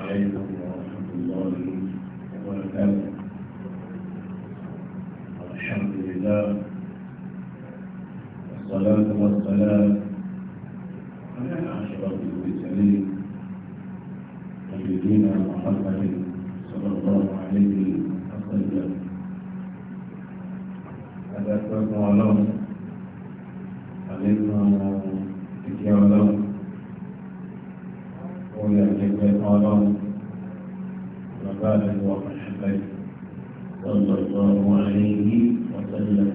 عليكم ورحمة الله وبركاته الحمد لله والصلاة والسلام على عشرة المرسلين نبينا محمد صلى الله عليه وسلم هذا كفر الله قالوا وبارك وصحبه صلى الله عليه وسلم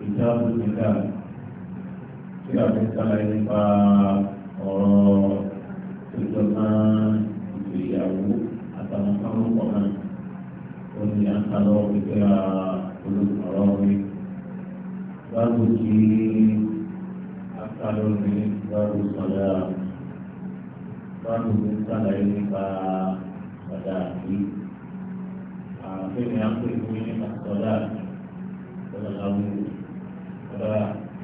كتاب الزكاة كتاب الزكاة فأرى الزمان في يعقوب أتمكن القرآن ومن أخذ بك قلوب أراضي باب الدين kalau ini baru saja baru buka dari ini pak pada hari akhirnya aku ibu ini tak saja pada kamu pada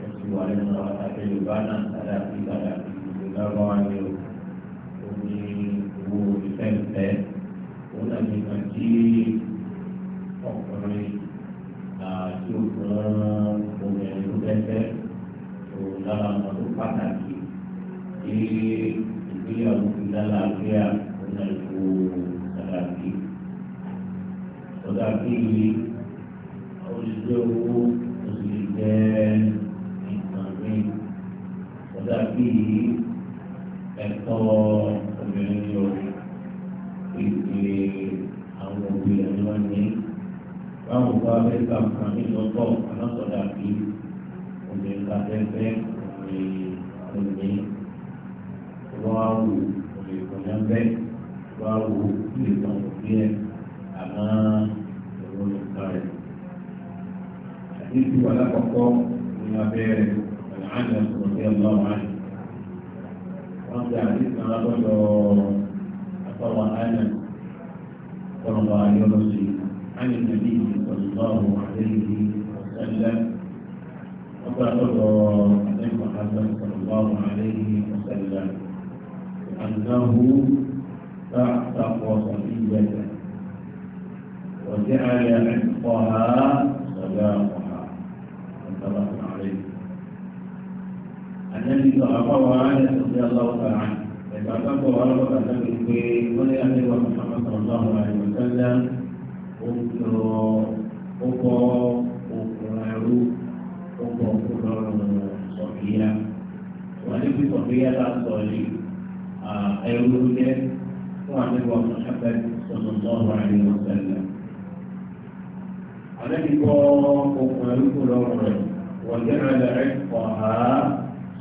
kesuaraan orang tak kehilangan ada tidak ada tidak mohon yìí ó lè jẹ́ owó ó sì lè jẹ́ nǹkan mi ọ̀dà bí ẹ̀tọ́ obìnrin yóò èdè àwọn obìnrin wọn ní báwo bá fẹ́ ká nǹkan mi lọ́tọ̀ alásọ̀dà bí obìnrin ká fẹ́ fẹ́ obìnrin obìnrin wọ́n á wò obìnrin kan bẹ́ẹ̀ wọ́n á wò obìnrin kan bí ẹ̀. يجب ولا فقط من بارك العجل رضي الله عنه رضي عزيزنا رجل أطلع أنا صلى الله عليه وسلم عن النبي صلى الله عليه وسلم وقال الله عن محمد صلى الله عليه وسلم أنه تعتق صفيته وجعل عتقها àbáwọ̀ ayé àti aláwọ̀ ẹ̀ka kábọ̀ aláwọ̀ àtàkì pé wọ́n ní àdéhùn àmọ́ sọ̀rọ̀ àyẹ̀wò sẹ́lẹ̀ ó kọ́ òkun ẹrú ó kọ́ òkun lọ́rùn sọ̀fìyà wọ́n ní bí sọ̀fìyà bá sọ̀ yìí ẹrú ló jẹ́ fún àdéhùn àmọ́ sọ̀rọ̀ àyẹ̀wò sẹ́lẹ̀ àdébìkọ́ òkun ẹrú kò lọ́rùn rẹ̀ wọ́n jẹ́ àdéhùn àmọ́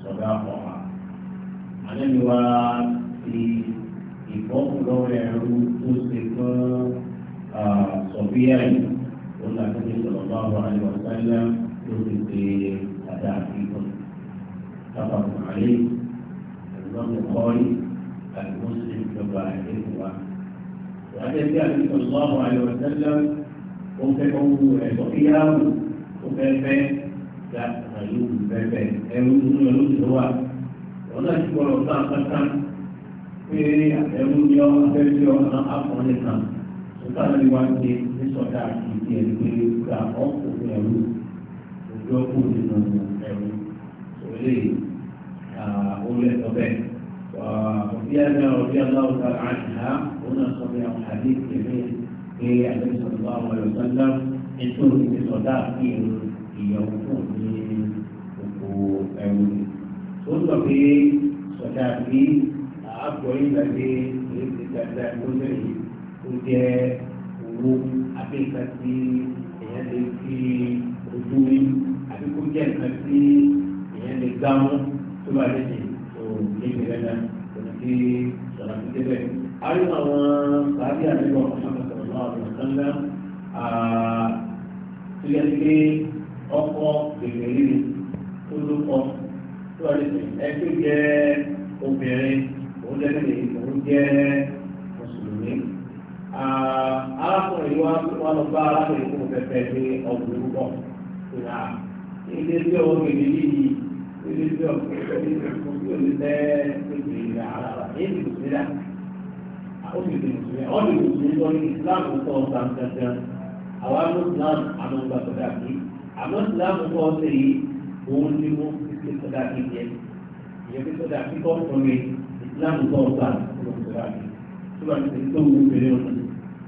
sọ̀rọ̀ àlẹ́mi wa ti ìfọ́kù lọ́wọ́ ẹ̀rú tó ṣe fún sọ̀bíyàì tó ń làkúndé sọ̀rọ̀ bá wà ní ọ̀sánlá tó ti ṣe àdá àfihàn. Tábàkù àlẹ́ ìlọ́mù kọ́rí àti mọ́sílẹ̀ ìjọba àìlẹ́kùn wa. Ìwádìí bí àti sọ̀rọ̀ bá wà ní ọ̀sánlá ó fẹ́ owó ẹ̀sọ́ ìyáwó ó fẹ́ fẹ́ ya àyè òkú fẹ́ fẹ́ ẹ̀rú nínú ẹ̀rú ìlú ọ̀nà ìgbọ̀rọ̀ tá a kankan pé ẹ̀rú ni ọ́ abẹ́rẹ́ ọ́ náà àpọ̀nlé kan ṣùgbọ́n ní wá ń ṣe ní sọ́dá ìdí ẹ̀rú pé gba ọkùnrin ẹ̀rú òjò ọkùnrin nínú ẹ̀rú òlé olùẹ̀tọ́ bẹ́ẹ̀. وفي أن رضي الله تعالى عنها هنا صنع حديث جميل في النبي صلى الله عليه وسلم إن تؤتي بصداقه يوم تؤتي tó sọ pé sọ̀dà bí àgbọ̀ ìgbàgbé èyí ti dada lóbẹ̀ yìí ó jẹ́ owó abẹ́ǹkà tí èèyàn lè fi ojú rí àbí kó jẹ́ nǹkan tí èèyàn lè gbámú tó bá lè ṣe òun ní ìbẹ̀rẹ̀ náà òun ti sọ̀rọ̀ àti débẹ̀. a rí àwọn sàárì àdébọ̀ ọ̀sán sọ̀rọ̀ náà ọ̀sán sánlá tó yẹ kí ọkọ̀ bèbè rí ni tó sọ̀rọ̀ ẹgbẹ́ jẹ́ obìnrin òun jẹ́ nílé òun jẹ́ mùsùlùmí. arákùnrin wa wà lọ bá arákùnrin kó fẹ́fẹ́ ní ọ̀gbìn púpọ̀ ìlà ilé tí ọwọ́ gèdè yìí ilé tí ọwọ́ gèdè yìí kò sí òní tẹ́ ẹgbẹ́ ìlà àràrà èyí mùsùlùmí rà ó sì di mùsùlùmí ọ́ di mùsùlùmí lọ ní islam kọ́ ọ̀sán àwọn islam àmọ́ ìgbà tó dàbí àmọ́ islam kọ́ ọ̀sẹ̀ yìí òun ni mo ní sọ́dà kí jẹ́ ìyẹn bí sọ́dà kí kọ́ fún mi ìsìláàmù tó ọ̀gbà ló sọ́dà kí tó bá ti tó wù pẹ̀lú ọ̀nà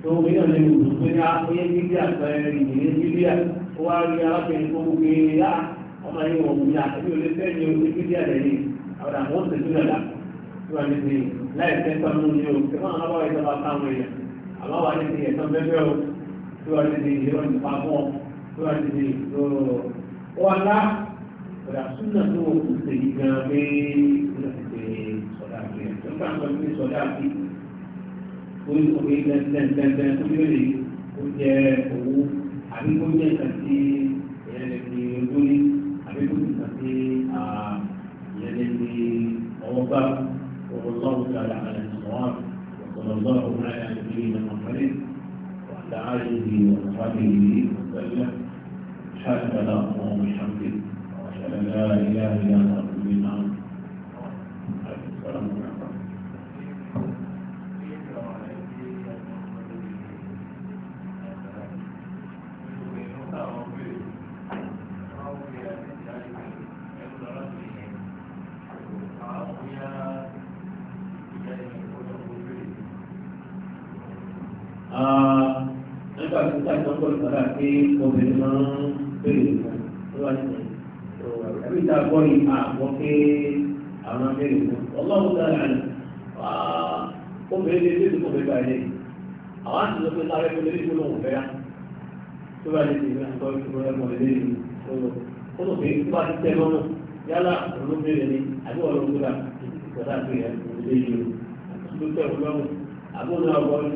tó wù yàn lè wù pé ní akóyé bíbí àpẹẹrẹ ìdílé bíbí à ó wá rí arábìnrin tó wù pé yá ọmọ yìí wọ̀ wù yà àbí olè fẹ́ ni olè bíbí àlẹ́ yìí àwọn àmọ́ ó tẹ̀sí lọ́la tó bá ti di láì fẹ́ sọ́nù ni o ṣé wọn àbáwọ̀ ìjọba táwọn èèyàn àbáwọ̀ á ti di ẹ̀sán bẹ́ẹ̀ o tó bá ti di ìrọ̀ nípa fún ọ tó bá ti di ìrọ̀ ọ̀la ọ̀dà súnà tó o kù sí gan pé o lè fi sọ̀dà àti ẹ̀ tó bá ń sọ pé sọ̀dà àti orí omi dẹ́ndẹ́ndẹ́ndẹ́ tó yóò lè kó jẹ owó àbí kó jẹ nǹkan tí ìyẹn lè fi lórí àbí kó jẹ nǹkan tí ìyẹn lè fi ọwọ́ bá والله تعالى على الصواب وصلى الله على نبينا محمد وعلى اله وصحبه وسلم حتى لا kọ́lù kàrà pé obìnrin máa ń béèrè fún tó wà ní ẹ̀rí ìta gbọ́ yìí àgbọ̀ pé àwọn béèrè fún ọlọ́run dára ní obìnrin lè béèrè fún obìnrin báyìí àwọn àti lọ́pẹ́ sáré fún lórí ìgbóná òun fẹ́ra tó bá lè tẹ̀lé àtọ́ ìfúnra ẹ̀mọ́ lè léyìn ó lọ pé tó bá ti tẹ́ lọ́nà yálà olóbìnrin ni àbí ọlọ́gbọ́dà ìgbọ́dà pé ẹ̀ léyìn àti tó tẹ̀ ọlọ́run àbúrò náà wọ́n ń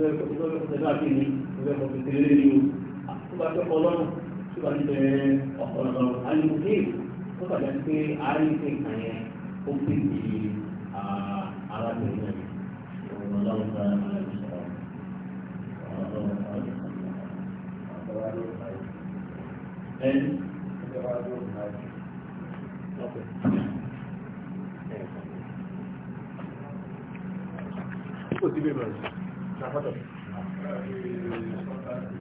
fẹ́ kọ́ bá tó kọ lọ́rùn tó bá níbẹ̀ ọ̀pọ̀lọpọ̀ alùpùpù tó bàjẹ́ pé àárín ìpè kan yẹn ó pè ní arábìnrin náà ọ̀rọ̀ ọlọ́run bá ara mi sọ̀rọ̀ ọ̀rọ̀ ọlọ́run bá mi sọ̀rọ̀ ẹni. Ó ti bẹ̀rẹ̀ ọ̀sán.